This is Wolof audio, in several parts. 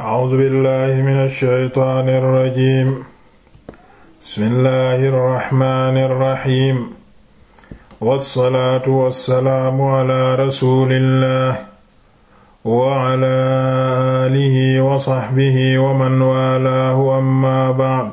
A'uuzu billaahi mina shaytaani rajiim. Bismillaahi rahmaani rahiim. Wassalaatu wassalaamu alaa rasuulillaah wa alaa aalihi wa sahbihi wa man waalaahu ammaa ba'd.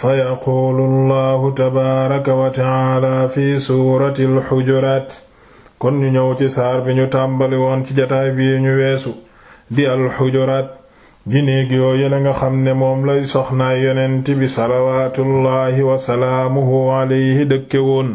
Fayaquulu llaahu tabaaraka wa ta'aalaa fi suuratil Hujuraat. Kon ñu ñëw ci saar bi ñu tàmbali woon ci jotaay bi ñu weesu. di alxujuraat di néeg yooyu nga xam ne moom lay soxnaa yonent bi salawaatullaahi wasalaamuhu alayhi dëkke woon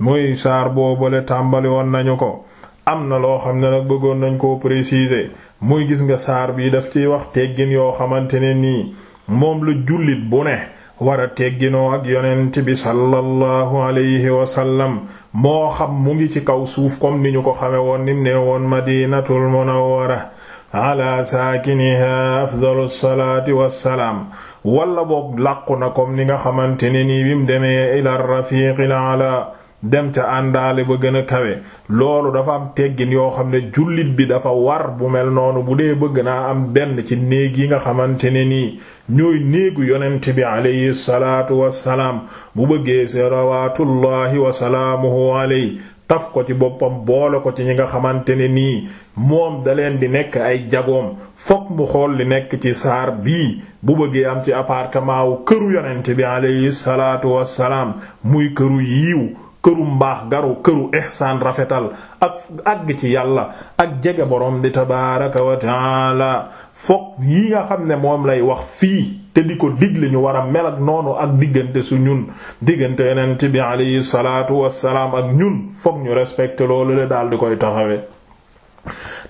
muy saar boobale tàmbali woon nañu ko am na loo xam ne nag bëggoon nañ ko préciser muy gis nga saar bii daf ci wax teggin yoo xamante ne nii moom lu jullit bu ne wara a tegginoo ak yonent bi sallallahu alayhi wasallam moo xam mu ngi ci kaw suuf comme ni ñu ko xame woon nim ne woon madinatul munawwara ala saakiniha afdalu salaati wassalaam wala na comme ni nga xamante ne nii bi mu demee ila rafiqil ala dem ca àndaale ba gën a kawe loolu dafa am teggin yoo xam ne jullit bi dafa war bu mel noonu bu dee bëgg naa am benn ci néeg yi nga xamante ne nii ñooy néegu yonent bi alayhi salaatu wassalaam bu bëggee salawaatullahi wa salaamuhu taf ko ci boppam boole ko ci ñi nga xamante ne nii moom da leen di nekk ay jagoom fokk mu xool li nekk ci saar bii bu bëggee am ci appartement wu këru yonent bi alayhi salaatu wassalaam muy këru yiw këru mbaax garu këru ihsaan rafetal ak àgg ci yàlla ak jege borom di tabaaraka wa taala fokk yi nga xam ne moom lay wax fii te di ko digle ñu war a mel ak noonu ak diggante su ñun diggante yonent bi alayhi salaatu wassalaam ak ñun fokk ñu respecté loolu le daal di koy taxawee.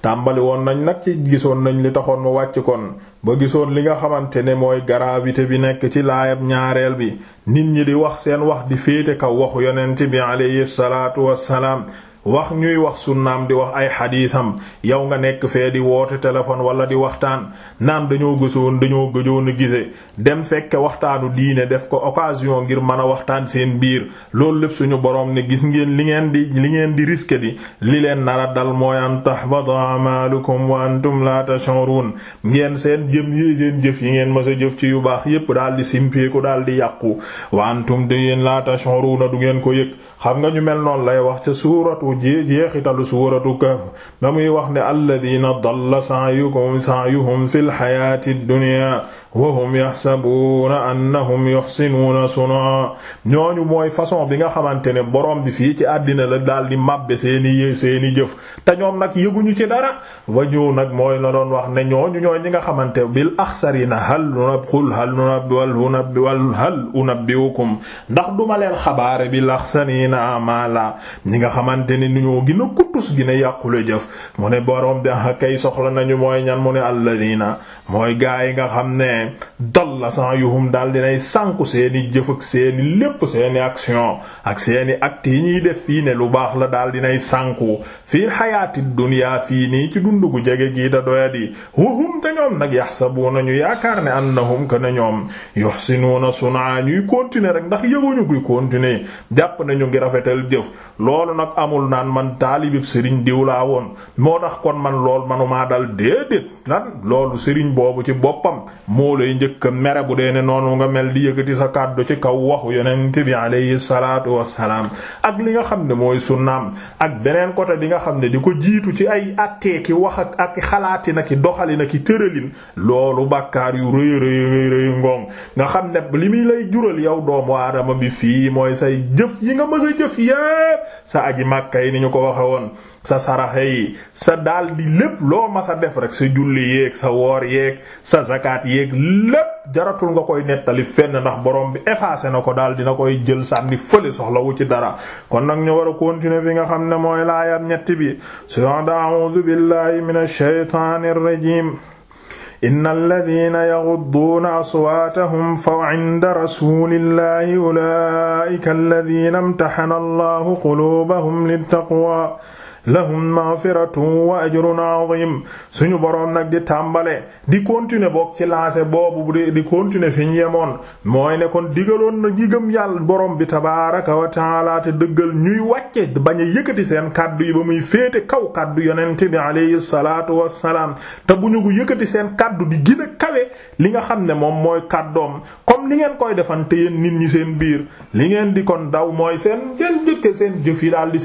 tàmbali woon nañ nag ci gisoon nañ li taxoon mu wàcc kon ba gisoon li nga xamante ne mooy gravité bi nekk ci laayab ñaareel bi nit ñi di wax seen wax di féete kaw waxu yonent bi alayhi salaatu wassalaam wax ñuy wax sunnaam di wax ay xadiisam yow nga nekk fee di woote téléphone wala di waxtaan naan dañoo gësoon dañoo gëjoon a gise dem fekke waxtaanu diine def ko occasion ngir mën a waxtaan seen biir loolu lépp suñu boroom ne gis ngeen li ngeen di li ngeen di risque di li leen nara dal mooy an tahbata amalukum wa antum la tash'urun ngeen seen jëm yi seen jëf yi ngeen mësa jëf ci yu baax yépp daal di simpeeku daal di yàqu wa antum te yéen du ngeen ko yëg xam jeexu jeexitalu suuratu Kahf da muy wax ne alladina dalla sa'yukum sa'yuhum fil xayaati dunya wa hum yaxsabuuna annahum yuxsinuuna sun'a ñooñu mooy façon bi nga xamante ne borom bi fii ci addina la daal di màbbe seeni seeni jëf te ñoom nag yëguñu ci dara wa ñëw nag mooy la doon wax ne ñooñu ñooy ñi nga xamante bil axsarina hal unab xul hal unab wal unab wal hal unabbiukum ndax duma leen xabaare bil axsarina amala ñi nga xamante ne ni ñoo gën a kuttus gën a yàqule jëf mu ne borom bi ah, kay soxla nañu mooy ñan mu ne alladina mooy gaa yi nga xam ne dalla sa'yuhum daal dinay sànku seeni jëf ak seeni lépp seeni action ak seeni acte yi ñuy def fii ne lu baax la daal dinay sànku fii xayaati dunya fii nii ci dundu gu jege gii da doyadi wahum te ñoom nag yahsabuna ñu yaakaar ne annahum kana ñoom yuhsinuna sun'a ñuy continuer rek ndax yëguñu kuy continuer jàpp nañu ngi rafetal jëf naan man taalibib sëriñ diw laa woon moo tax kon man lool manumaa dal déedéet lan loolu sëriñ boobu ci boppam moo lay njëkk mere bu dee ne noonu nga mel di yëkkati sa kàddu ci kaw waxu yonent bi alayhi salaatu wassalaam ak li nga xam ne mooy su naam ak beneen côté bi nga xam ne di ko jiitu ci ay attee ki wax ak ak xalaati na ki doxali na ki tëralin loolu bàkkaar yu rëy rëy rëy ngoom nga xam ne li muy lay jural yow doomu aadama bi fii mooy say jë yi ni ñu ko waxe woon sa saraxe yi sa dal di lépp loo ma sa def rek sa julli yéeg sa woor yéeg sa zakat yéeg lépp jaratul nga koy nettali fenn ndax boroom bi effacé na ko daal dina koy jël sànni fële soxlawu ci dara kon nag ñu war a continuer fi nga xam ne mooy laayam ñetti bi su a'uudu billahi minash shaytaanir rajiim inna alladina yaxudduuna aswaatahum fa inda rasulillahi ulaika alladina imtaxana allahu quluubahum littaqwa lahum maghfiratun wa ajrun azim suñu boroom nag di tàmbale di continuer bokk ci lancé boobu di di continuer fi ñu yemoon mooy ne kon digaloon na ñi yàlla boroom bi tabaaraka wa taala te dëggal ñuy wàcce bañ a yëkkati seen kàddu yi ba muy féete kaw kàddu yonent bi alayhi salaatu wassalaam te bu ñu ko yëkkati seen kàddu di gën kawe li nga xam ne moom mooy kàddoom comme ni ngeen koy defante yéen nit ñi seen biir li ngeen di kon daw mooy seen ngeen jëkke seen jëf yi daal di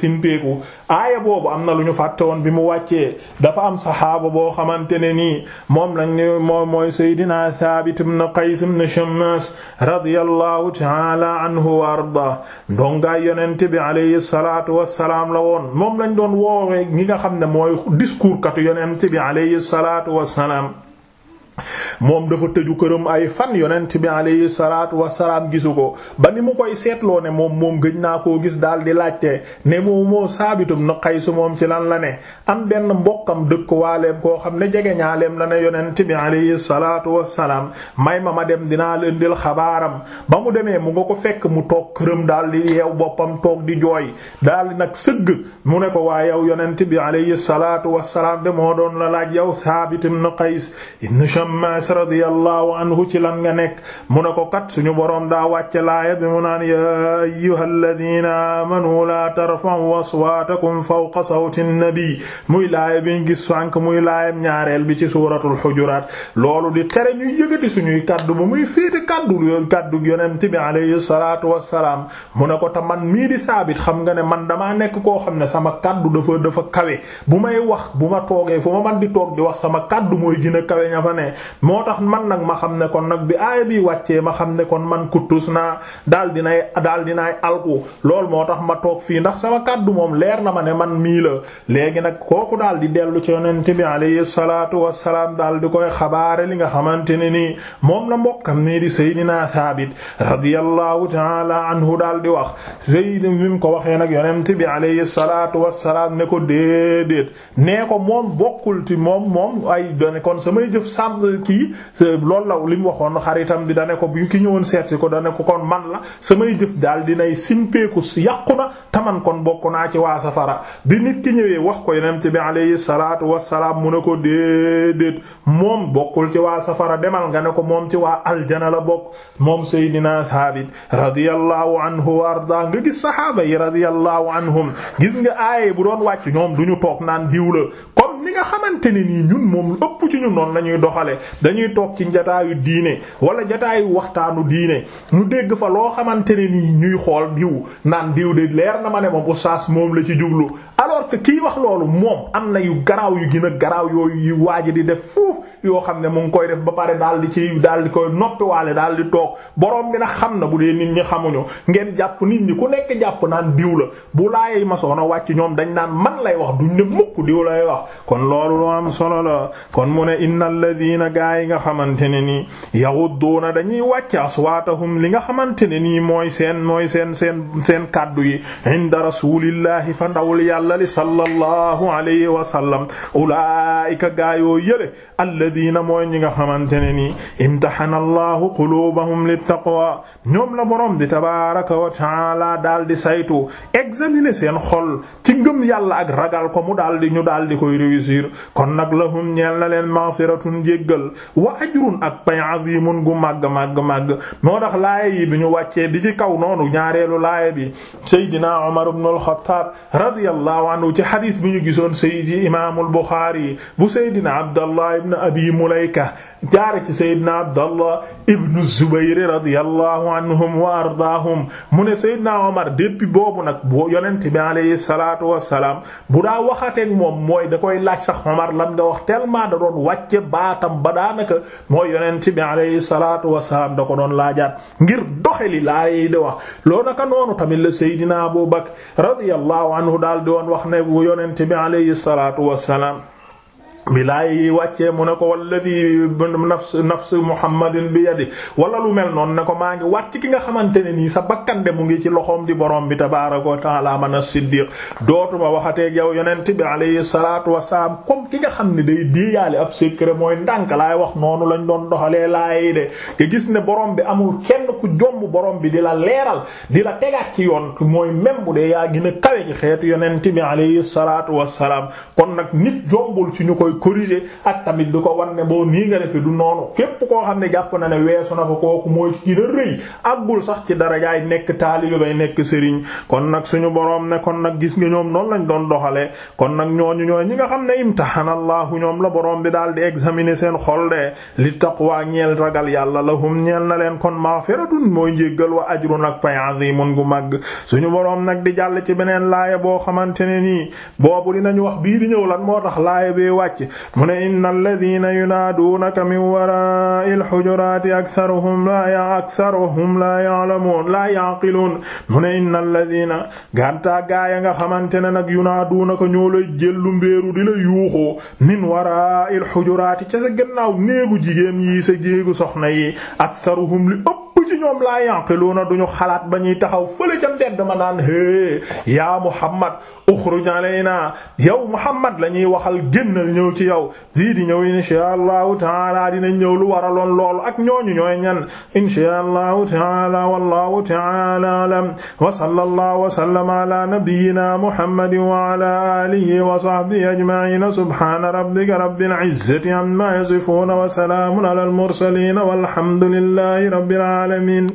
aaya boobu am na lu ñu fàtte woon bi mu wàccee dafa am saxaaba boo xamante ne nii moom lañ ne mooy Seydina Thabit ibn Qays ibn Shammas radiyallahu ta'ala anhu wa arda ndongaay yonent bi alayhi salaatu wassalaam la woon moom lañ doon woowee ñi nga xam ne mooy discours katu yonent bi alayhi salaatu wassalaam moom dafa tëju këram ay fan yonent bi alayhi salaatu salaam gisu ko ba ni mu koy seetloo ne moom moom gëj naa koo gis daal di laajte ne moom moo saabitum na xay su moom ci lan la ne am benn mbokkam dëkk koo xam ne jege ñaaleem la ne yonent bi alayhi salaatu wasalaam may ma ma dem dinaa leen dil xabaaram ba mu demee mu nga ko fekk mu toog këram daal di yeew boppam toog di jooy daal nag sëgg mu ne ko waa yow yonent bi alayhi salaatu wasalaam de moo doon la laaj yow saabit ibn Qays ibn Shammas Anas radiyallahu anhu ci lan nga nekk mu ne ko kat suñu boroom daa wàcc laaya bi mu naan ya ayyuhal ladina amanu la tarfa'u aswaatakum fawqa sawti nabi muy laaya biñ gis sànk muy ñaareel bi ci suuratul xujuraat loolu di tere ñuy yëgati suñuy kàddu ba muy féete kaddu kaddu yonent bi alayhi salaatu wassalaam mu ne ko te man mii di saabit xam nga ne man damaa nekk koo xam ne sama kaddu dafa dafa kawe bu may wax bu ma toogee fu ma man di toog di wax sama kaddu mooy ne moo tax man nag ma xam ne kon nag bi aaya bi wàccee ma xam ne kon man kuttus naa daal dinay daal dinaay alku loolu moo tax ma toog fii ndax sama kàddu moom leer na ma ne man mii la léegi nag kooku daal di dellu ci yonent bi alayhi salaatu wassalaam daal di koy xabaare li nga xamante ne nii moom la mbokkam nii di Seydina Saabit radiyallahu ta'ala anhu daal di wax Seydina bi mu ko waxee nag yonent bi alayhi salaatu wassalaam ne ko déedéet nee ko moom bokkul ci moom moom Euh, lool la li mu waxoon xaritam bi da ko bu ki ñëwoon seet si ko da ne ko kon man la samay jëf daal dinay simpeeku si yàqu na taman kon bokk naa ci waa safara bi nit ki ñëwee wax ko yonent bi alayhi salaatu wassalaam mu ne ko déedéet moom bokkul ci waa safara demal nga ne ko moom ci waa aljana la bokk moom Seydina Thabit radiyallahu anhu wa arda nga gis saxaaba yi radiyallahu anhum gis nga aaye bu doon wàcc ñoom ñu toog naan diw kon ni nga xamante ni nii ñun moom lu ci ñun noonu la ñuy doxale dañuy toog ci njataayu diine wala jataayu waxtaanu diine ñu dégg fa loo xamante ne nii ñuy xool diw naan diw de leer na ma ne moom oustaz moom la ci jublu alors que wax loolu moom am na yu garaaw yu gën a garaaw yooyu yu waaj di def foofu yoo xam ne mu ngi koy def ba pare daal di ci daal di koy noppiwaale daal di toog borom bi nag xam na bu dee nit ñi xamuñu ngeen jàpp nit ñi ku nekk jàpp naan diw la bu laayee masoon a wàcc ñoom dañ naan man lay wax duñ ne mukk diw lay wax kon loolu lu am solo la kon mu ne innal ladina gaa yi nga xamante ne nii yaghuduna dañuy wàcc aswaatahum li nga xamante ne nii mooy seen mooy seen seen seen kàddu yi inda rasulillahi fa ndawul yàlla li sallallahu alayhi wa sallam alladina mooy ñi nga xamante ne nii imtahana allahu quluubahum littaqwa ñoom la borom di tabaaraka wa taala daal di saytu examiner seen xol ci ngëm yàlla ak ragal ko mu daal di ñu daal di koy réussir kon nag lahum ñeel na leen maghfiratun jéggal wa ajrun ak pay azimun gu màgg màgg màgg moo tax laaya yi bi ñu wàccee di ci kaw noonu ñaareelu laaya bi Seydina Umar ibn al-Khattab radiyallahu anhu ci hadith bi ñu gisoon Seydi Imaamul Bukhari bu Seydina Abdallah ibn abi mulayka jaare ci saydna abdallah ibnu zubayri radiyallahu anhum wa ardaahum mu ne saydna omar boobu nag boo yonente bi alayhi salatu bu daa waxateeg moom mooy da koy laaj sax omar lan nga wax tellement da doon wàcce baatam ba daanaka mooy yonente bi alayhi salatu da ko doon laajaat ngir doxeli laa yi di wax loo naka noonu tamit la saydina abu bakr radiyallahu anhu daal di woon wax ne bu yonente bi alayhi salatu wasalaam bi laaya yi wàccee mu ne ko walladi nafs nafs muhammadin bi yadi wala lu mel noonu ne ko maa ngi wàcc ki nga xamante ne nii sa bakkande mu ngi ci loxoom di boroom bi tabaaraka wa taala man as-siddiq dootuma waxateeg yow yonent bi alayhi salaatu wasalaam comme ki nga xam ne day déeyaale ab secret mooy ndànk laay wax noonu lañ doon doxalee laaya de nga gis ne borom bi amul kenn ku jomb boroom bi di la leeral di la tegaat ci yoon mooy même bu dee yaa gën a kawe ci xeetu yonent bi alayhi salaatu wasalaam kon nag nit jombul koy corriger ak tamit du ko wan ne boo nii nga defe du noonu képp koo xam ne jàpp na ne weesu na ko kooku mooy ki gën a rëy àggul sax ci darajaay nekk taalibe bay nekk sëriñ kon nag suñu boroom ne kon nag gis nga ñoom noonu lañ doon doxalee kon nag ñooñu ñooy nga xam ne imtahanallahu ñoom la boroom bi daal di examiner seen xol de li taqwa ñeel ragal yàlla lahum ñeel na leen kon maghfiratun mooy njéggal wa ajrun ak pay azimun gu mag suñu boroom nag di jàll ci beneen laaya boo xamante ne nii boobu dinañu wax bii alxujuraati mu ne inna alladina yunaaduunaka min waraai alxujuraati aktaruhum laa ya aktaruhum laa ya'lamuun laa ya'qiluun mu ne inna alladina gàntaa gaaya nga xamante ne nag yunaaduunaka ñoo lay jëllu mbéeru di la yuuxoo min waraai alxujuraati ca sa gannaaw néegu jigéen yi sa jéegu soxna yi aktaruhum li ëpp ci ñoom laa yanqiluuna duñu xalaat ba ñuy taxaw fële ca mbedd ma naan hee yaa Muhammad uxruj alayna yow Muhammad la ñuy waxal génnal ñëw ci yow lii di ñëw inshaa allahu taala dina ñëw lu waraloon loolu ak ñooñu ñooy ñan inshaa allahu taala wallahu taala alam wa sallallahu wa sallama ala nabiyyina Muhammadin wa ala alihi wa sahbihi ajma'in subhana rabbika rabbil izzati amma yasifun wa salamun ala al mursalin walhamdulillahi rabbil alamin alamin